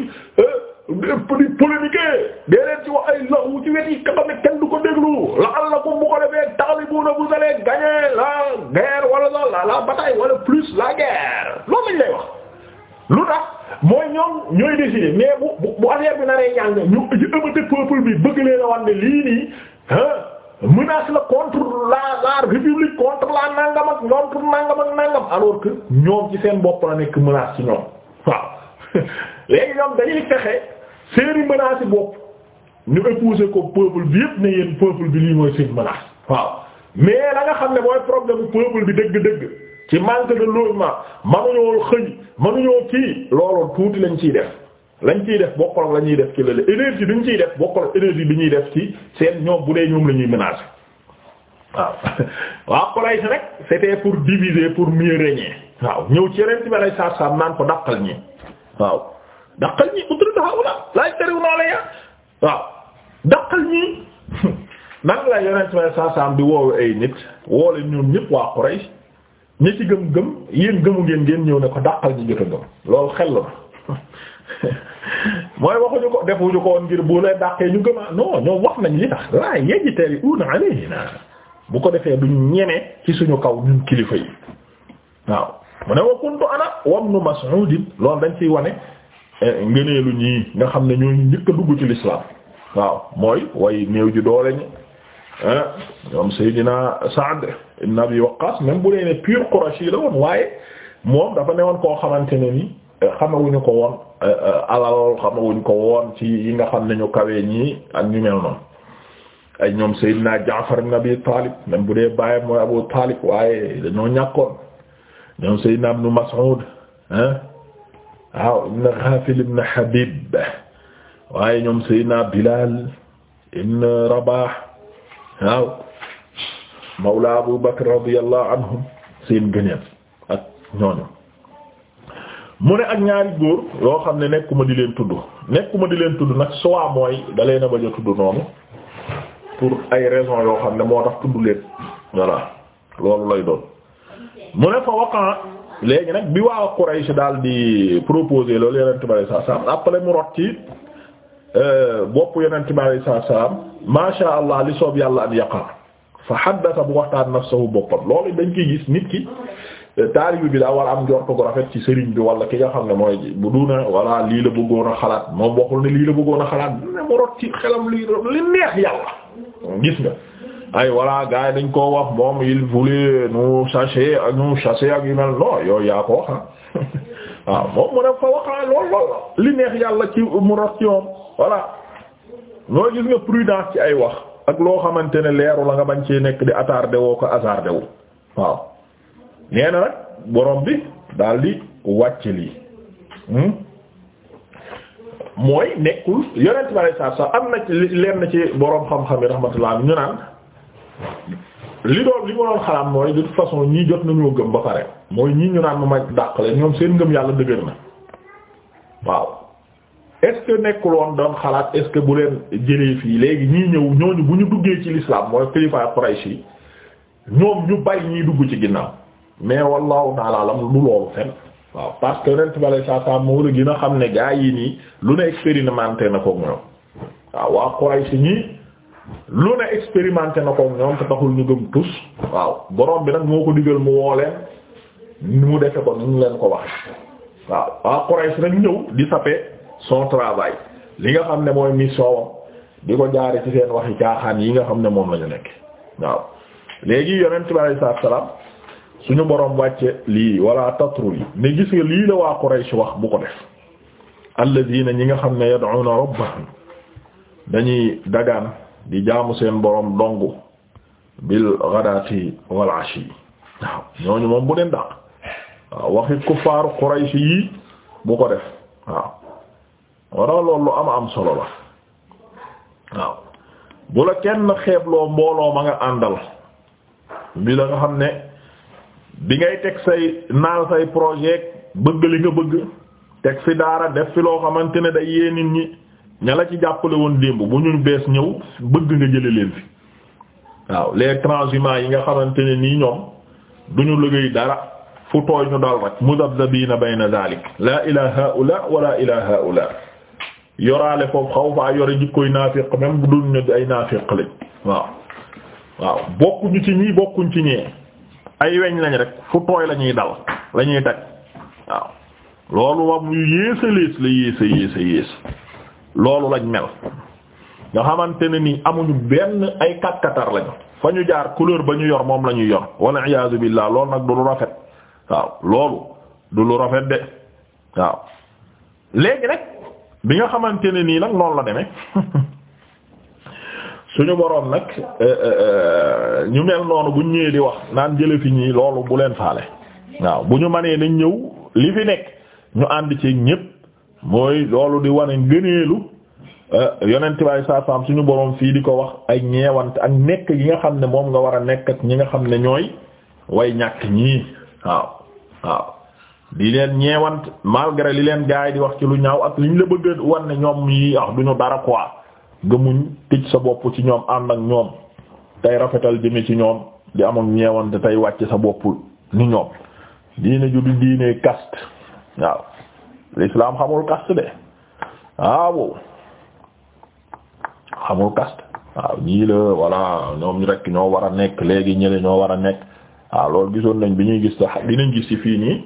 eh, di polémique dee leen ci wax ay laxu ci wet yi ka xam ne kenn du ko déglu la'allakum bu ko defee taghlibuuna vous allez gagner la guerre wala la la bataille wala plus la guerre loolu lañ lay wax lu tax mooy ñoom ñooy décider mais bu bu affaire bi naree ñàng ñu ëppate peuple bi bëgg leen wan ne lii nii ah menace la contre la la république contre la nangam ak ñoom pour nangam ak nangam ñoom ci seen bopp la nekk menace ci ñoom waaw léegi ñoom dañuy fexe seeni menace yi bopp ñu épouser ko peuple bi yépp ne yéen peuple bi lii mooy seen menace waaw mais la xam ne mooy problème peuple bi dëgg-dëgg ci manque de logement mënuñoo xëy mënuñoo kii loolu tuuti lañ ciy def. lañ ciy def bokkul ak la ñuy def kilo lële énergie bi ñu ciy def bokkul ak énergie bi ñuy def ci seen ñoom bu dee ñoom la ñuy menacer waaw waa Quraysh rek c'était pour diviser pour mieux régner waaw ñëw ci yeneen ci ba lay saaf naan ko dàqal ñi waaw dàqal ñi utul daaw la laaj tëriw naa la waaw dàqal ñi nan la yeneen ci ba lay di woowe ay nit woo leen ñoom ñëpp waa Quraysh ñi ci gëm-gëm yéen gëmu ngeen ngeen ñëw ne ko dàqal ñi jot a gëm loolu xel la. mooy waxuñu ko defuñu ko ngir bu leen dàqee ñu gëm a non ñoom wax nañ li tax laa yajtari'una alayna bu ko defee duñ ñeme ci suñu kaw ñun kilifa yi waaw mu ne wa dañ ciy wane eh, ngëneelu ñii nga xam ne ñooñu njëkk ci l'islam waaw mooy way néew doole ñi ah, ñoom Seydina Sa'd bu nee ne koo xamante ne ni eh, xamawuñu ko woon Euh, euh, alal xamawuñ ko woon ci yi nga xam ne ñu kawee ñii ak ñu mel noonu ay ñoom Seydina Jaafar ibn Talib même bu dee bàyyam mooy Abu Talib waaye dañoo ñàkkoon ñoom Seydina ibn Mas'ud hein waaw ibn Ghafil ibn Habib waaye ñoom Seydina Bilal ibn Rabah waaw mawla Abu Bakr radiyallahu anhum seen gëneel mu ne ak ñaari góor yoo xam ne nekkuma di leen tudd nekkuma di leen tudd nag soit mooy dalee na bañ a tudd noonu pour ay raison yoo xam ne moo tax tudd leen voilà loolu lay doon mu ne fa waqan léegi nag bi waa Quraysh daal di proposer loolu yeneen tubaab yi saa saam après mu rot ci euh, bopp yeneen tubaab yi saa saam masha Allah li soob yàlla an yaqa fa haddatha bu waxtaan nafsuhu boppam loolu dañ koy gis nit ki. taalibe bi daa war am njort gu rafet ci sëriñ bi wala ki nga xam ne mooy bu duna wala lii la bëggoon a xalaat moom waxul ne lii la bëggoon a xalaat ne mu rot ci xelam lii li neex yàlla gis nga ay voilà gars dañ koo wax moom il voulait nous chasser ak nous chasser ak yu mel non yooyu yaa ko wax ah waaw ah, moom mu ne fa waxaa ah, lool lool li neex yàlla ci mu rot ci moom voilà gis nga prudence ci ay wax ak loo xamante ne leeru la nga bañ cee nekk di attardé woo ko hasardé nee na nag bi daal wàcc lii hmm? mooy nekkul yonent bi alayhi salaatu am na ci lenn ci borom xam-xam yi rahmatullah ñu naan li doon li ma doon xalaat mooy de toute façon ñii jot nañoo gëm ba pare mooy ñii ñu naan ma ma dàqale ñoom seen ngëm yàlla dëgër na waaw est-ce doon xalaat est-ce bu leen jëlee fii léegi ñii ñëw ñooñu bu ñu duggee ci l'islam mooy kilifa Quraysh yi ñoom ñu bari ñii dugg ci ginnaaw. mais wallahu taala la du loolu fen waaw parce que yonent bale saa saa moo la gën a xam ne gaa yi nii lu ne expérimenté na koog ñoom waaw waa Quraysh ñii lu ne expérimenté na koog ñoom te taxul ñu gëm tus waaw borom bi nag moo ko digal mu woo leen ni mu defe ko ni ñu leen ko wax waaw waa Quraysh nag ñëw di sape son travail li nga xam ne mooy mission di ko jaare ci seen yi caaxaan yi nga xam ne moom lañu nekk waaw léegi yonent bi alayhi salaam suñu boroom wàcce lii wala tatrul yi ne gis nga lii la waa Quraysh wax bu ko def alladina ñi nga xam ne yad'una rabbahum dañuy dagaan di jaamu seen boroom dong bil ghadati wal ashi waaw ñooñu moom bu leen daq waaw waxi kuffaaru Quraysh yii bu ko def waaw wara loolu lu am am solo la waaw bu la kenn xeebloo mbooloo ma nga àndal bi nga xam ne bi ngay teg say naal say projet bëgg li nga bëgg teg fi daara def fi xamante ne day yee nit ñi ña la ci jàppale woon démb bu ñu bees ñëw bëgg nga jële leen fi waaw les transhumants yi nga xamante ne nii ñoom du ñu liggéey dara fu tooy ñu dal rek mudabdabina bayna dalik la ila haula wala ila haula yoraale foofu xaw faa yore jikkoy naafiq même bu dul ñu ay naafiq lañ waaw bokkuñu ci ñii bokkuñ ci ñee ay weñ lañ rek fu tooy la ñuy dal lañuy ñuy daj waaw loolu moom yu yéesa lees la yéesa yéesa yées loolu lañ mel nga xamante ne nii amuñu benn ay katkatar lañu fa ñu jaar couleur ba ñu yor moom la ñu yor walla iyaazu billaah loolu nag du lu rafet waaw loolu du lu rafet de waaw léegi rek bi nga xamante ne nii nag noonu la deme suñu boroom nag eh, eh, eh, ñu mel noonu bu ñëwee di wax naan jële fi ñii loolu bu leen faale waaw bu ñu manee nañ ñëw li fi nekk ñu ànd ci ñépp mooy loolu di wane ngëneelu yonent baay saasaam suñu boroom fii di ko wax ay ñeewant ak nekk gi nga xam ne moom nga war a nekk ñi nga xam ne ñooy way ñàkk ñii waaw waaw di leen ñeewant malgré li leen gaay di wax ci lu ñaaw ak liñ la bëgg wan ne ñoom yi wax ah, duñu dara quoi nga muñ sa bopp ci ñoom ànd ak ñoom tey rafetal jëme ci ñoom di amul ñeewante tey wàcc sa bopp ni ñoom diine ju du diine caste waaw l'islam xamul caste de waaw xamul caste waaw ñii la voilà ñoom rek ñoo war a nekk léegi ñële ñoo war a nekk waaw loolu gisoon nañ bi ñuy gis sax dinañ gis ci fii nii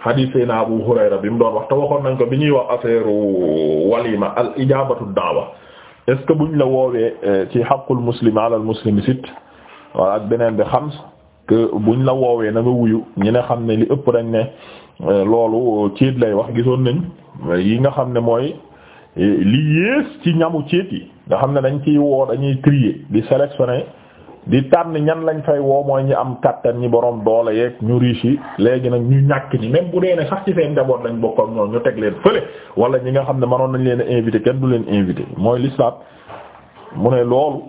hadith sayna Abu Hurayra bi mu doon wax te waxoon nañ ko bi ñuy wax affaire walima al ijabatu da'wa est bu que la woowee euh, ci xaqul muslim ala al muslim sit ak beneen bi xams que buñ la woowee na wuyu ñi ne xam ne li ëpp dañ ne euh, loolu euh, ciit lay wax gisoon nañ yi nga xam ne mooy li yées ci ñamu ciit yi nga xam ne dañ ciy woo dañuy trier di sélectionner di tànn ñan lañ fay woo mooy ñi am kattan ñi boroom doole yeeg ñu riche yi léegi nag ñu ñàkk ñi même bu dee sax ci seen njaboot lañ bokk ak ñoom ñu teg leen fële wala ñi nga xam ne mënoon nañ leen invité kenn du leen invité mooy l'islam mu ne loolu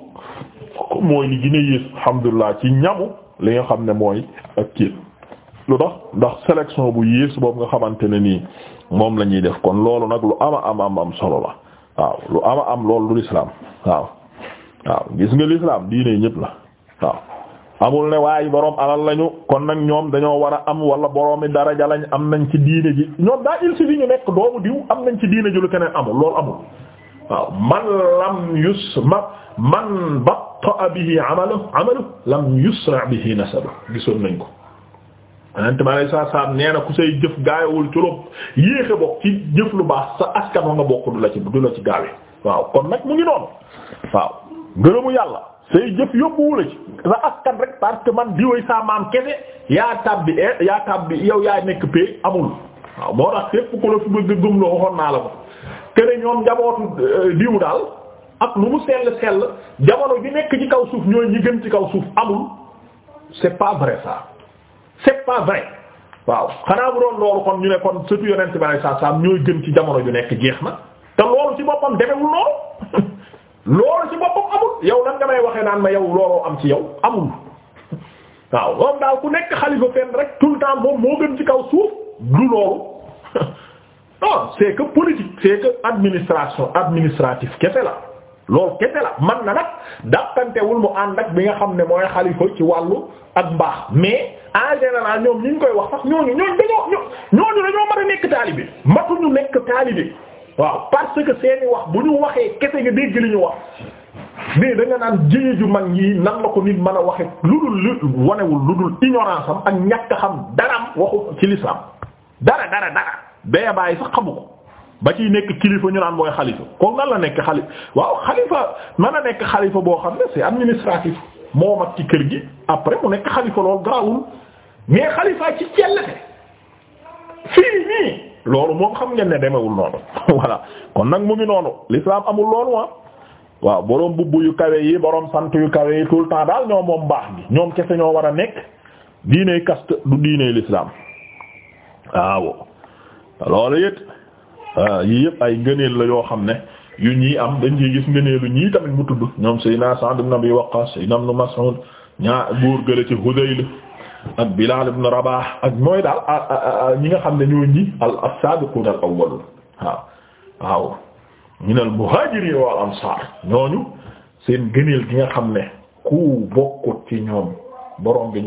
mooy li gën a yées ci ñamu li nga xam ne mooy ak kii lu dox ndax sélection bu yées boobu nga xamante ne nii moom la ñuy def kon loolu nag lu ama am am am solo la waaw lu ama am loolu du l'islam waaw waaw gis nga l'islam la. waaw amul ne waaye borom alal lañu kon nag ñoom dañoo war a am wala boroomi daraja lañ am nañ ci diine ji ñoom daa il suffit ñu nekk doomu diw am nañ ci diine ji lu keneen amul loolu amul waaw man lam yusma man batta bihi amalu amalu lam yusra bihi nasabu gisoon nañ ko anent ma lay saa nee na ku say jëf gaayawul ci lopp yéexe bokk ci jëf lu baax sa askan wa nga bokk du la ci du la ci gaawee waaw kon nag mu ngi noonu waaw ngërëmu yàlla say jëf yóbbuwula ci sa askan rek parce que man diwéy sa maam kese yaa tàbbi eh, yaa tàbbi yow yaa nekk pay amul waaw moo tax képp ku la fi bëgg gëm ñoom njabootu eh, diw daal mu sell sell jamono bi nekk ci kaw suuf ñooy ñi gën ci kaw suuf amul c'est pas vrai ça c'est pas vrai loolu kon ñu ne kon surtout yonent bi sallallahu alayhi ñooy gën ci jamono ju nekk jeex na te loolu ci boppam demewul loolu loolu ci boppam amul yow nan nga may waxee naan ma yow looloo am ci yow amul waaw moom daal ku nekk xalifa fenn rek tout le temps moom moo gën ci kaw suuf du loolu non c'est que politique c'est que administratif kese la loolu kese la man na nag dàqantewul mu ànd ak bi nga xam ne mooy xalifa ci wàllu ak mbaax mais en général ñoom ñu ngi koy wax sax ñooñu ñooñu dañoo ñooñu dañoo mën a nekk taalibe matuñu nekk taalibe waaw parce que seeni wax bu ñu waxee kese nga dégg li wax mais da nga naan jëye ju mag ñi nan la ko nit mën a waxe lu dul lu wanewul lu dul ignorance am ak ñàkk xam daram waxu ci l'islam dara dara dara bee sax xamu ko ba ci nekk kilifa ñu naan mooy xalifa kon nan la nekk xalifa waaw xalifa mën a nekk xalifa boo xam ne c'est administratif moo mag ci kër gi après mu nekk xalifa loolu garawul mais xalifa ci cellete fii nii loolu moom xam ngeen ne demewul noonu voilà kon nag mu ngi noonu l'islam amul loolu ah waaw borom bubb yu kawe yi borom sant yu kawe yi tout le temps daal ñoom moom baax bi ñoom kese ñoo war a nekk diiney kast du diiney l'islam waaw loolu it ah, yii yëpp ay ngëneel la yoo xam ne yu ñii am dañ ciy gis ngëneelu ñii tamit mu tudd ñoom Seydina Sa'd ibn Abi Waqqas Seydina Ibn Mas'ud ñaa góor gële ci Hudayl ak Bilaal ibn Rabaah ak mooy daal ñi nga xam ne ñoo ñi as-saabiquuna al-awwaluun waaw waaw min al-muhaajiriin wal ansaar ñooñu seen gëneel gi nga xam ne ku bokkut ci ñoom borom bi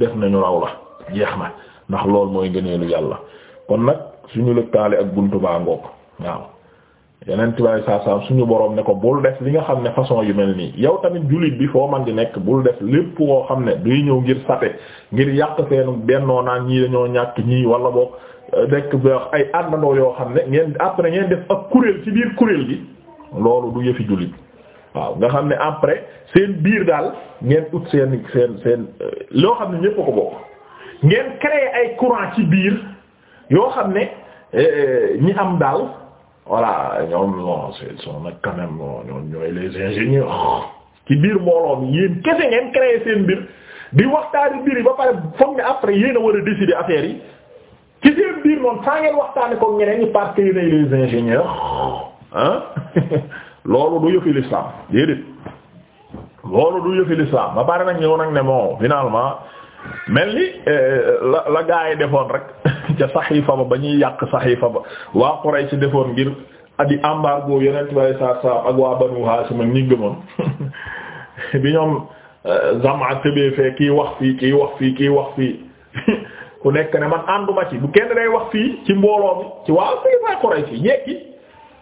def nañu raw la jeex na ndax loolu mooy gëneelu yàlla kon nag suñu lëkkaale ak buntu baa ngoog waaw yeneen tubaab saa saa suñu boroom ne ko bul def li nga xam ne façon yu mel nii yow tamit jullit bi foo man di nekk bul def lépp woo xam ne duy ñëw ngir sate ngir yàq seenu bennoo naan ñii dañoo ñàkk ñii wala boog euh, nekk ba ay àndandoo yoo xam ne ngeen après ngeen def ak kuréel ci biir kuréel gi loolu du yëfi jullit waaw nga xam ne après seen biir daal ngeen ut seen seen seen euh, loo xam ne ñépp ko bokk ngeen créer ay courant ci biir yoo xam ne euh, ñi am daal. voilà ñoom non c'est sont nag quand même ci biir mbooloo mi di waxtaani ba pare foog après yéen a war a affaire yi ci ko ñeneen ñi parce que yéenay les loolu du yëfi l'islam déedéet loolu du yëfi l'islam ba pare nag ñëw nag ne moo finalement mel ni eh, la la gaa yi defoon rek. ca saxiifa ba ba ñuy yàq saxiifa ba waa Quraysh defoon ngir adi embargo yonent bari saa saa ak waa Banu Hashim ak ñi gëmoon bi ñoom euh, Zam'a tëbee fee kii wax fii kii wax fii ku nekk ne man ànduma ci bu kenn day wax fii ci mbooloom ci waa fii waa Quraysh ñekki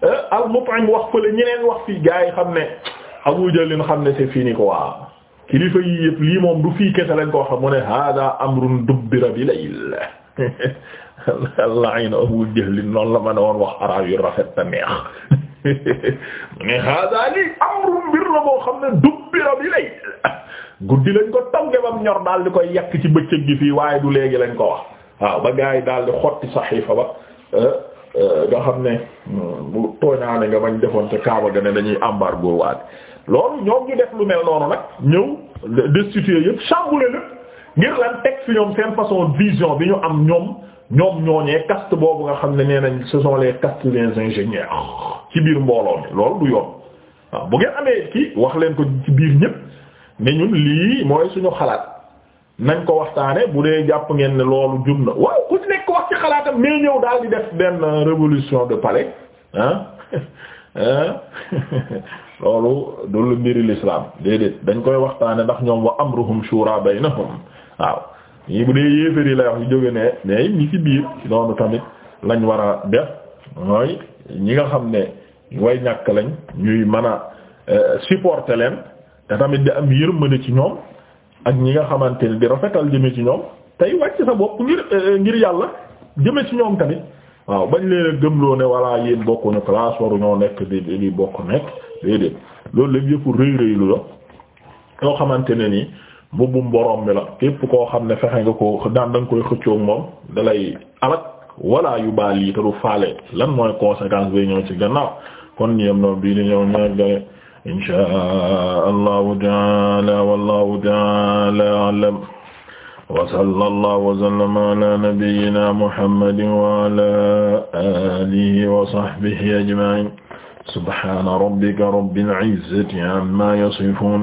euh, al Mut'im wax fële ñeneen wax fii gaa yi xam ne Abu Jahl xam ne c'est fini quoi kilifa yii yëpp lii moom du fii kese lañ ko wax mu ne hada amrun dubbira bi layl laayna Abu Jahl noonu la ma ne woon wax araab yu rafet ta neex ne hada amru mbir la boo xam ne dubbira bi lay guddi lañ ko togge bam ñor daal di koy yàq ci bëccëg gi fii waaye du léegi lañ ko wax waaw ba gars yi daal di xotti saxiifa ba euh, euh, nga xam ne bu hmm, tooñaane nga bañ defoon te Kaaba ga ne dañuy embargo waat loolu ñoom ñu def lu mel noonu nag ñëw destitué yëpp chamboulé lépp ngir lan teg fi ñoom seen façon vision bi ñu am ñoom ñoom ñooñee caste boobu nga xam ne nee nañ ce sont les castes ci biir mbooloo mi loolu du yoon waaw bu ngeen amee kii wax leen ko ci biir ñépp ne ñun lii mooy suñu xalaat nañ ko waxtaane bu dee jàpp ngeen ne loolu jub na waaw ku nekk wax ci xalaatam mais ñëw daal di def benn révolution de palais ah loolu du lu mbiri l'islam déedéet dañ koy waxtaane ndax ñoom wa amruhum na baynahum waaw ñii bu dee yéeféri la wax yu jóge ne mais ñi ci biir noonu tamit lañ war a def mooy ñi nga xam ne way ñàkk lañ ñuy mën a euh, supporter leen te tamit di am yërmande ci ñoom ak ñi nga xamante ne di rafetal jëme ci ñoom tey wàcc sa bopp ngir euh, ngir yàlla jëme ci ñoom tamit waaw bañ leen a loo ne walla yéen bokkuñu classe waru ñoo nekk di di bokk nekk déedéet loolu lépp yëpp rëy rëy lu yoo xamante nii mbubbum borom bi la képp koo xam ne fexe nga ko daan da nga koy xëccoo moom dalay alak wala yu baal yi te du faale lan mooy conséquence bi ñëw ci gannaaw kon ñeem noonu bii di ñëw ñaggale inshaa allahu taala wallahu taala alam wa sallallahu wa sallama ala nabiyyina muhammadin wa ala alihi wa sahbihi ajma'in subhana rabbika rabbil izzati amma yasifun